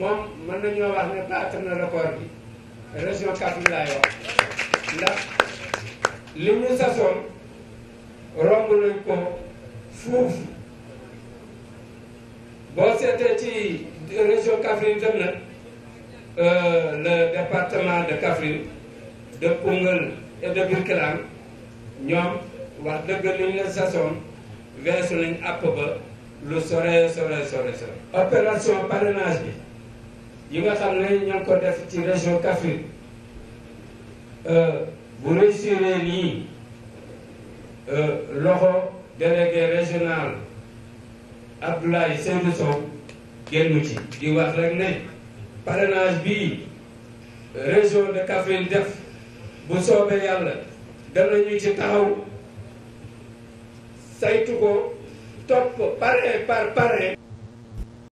moom mën nañoo wax ne na record bi région Kaffrine laay wax ndax li ñu sasoon nañ ko fuuf boo seetee ci région dem na euh, le département de Kaffrine de Koungheul et de Birkelane ñoom wax dëgg ñu leen sasoon weesu nañ lu sore sore sore sore opération parrainage yi nga xam ne ña ko def ci région Kaffrine euh, bu réussir lii euh, loxo délégué régional Abdoulaye Seydou Sow génnu ci di wax rek ne parrainage bii région de Kaffrine def bu soobee yàlla danañu ci taxaw saytu ko topp pare pare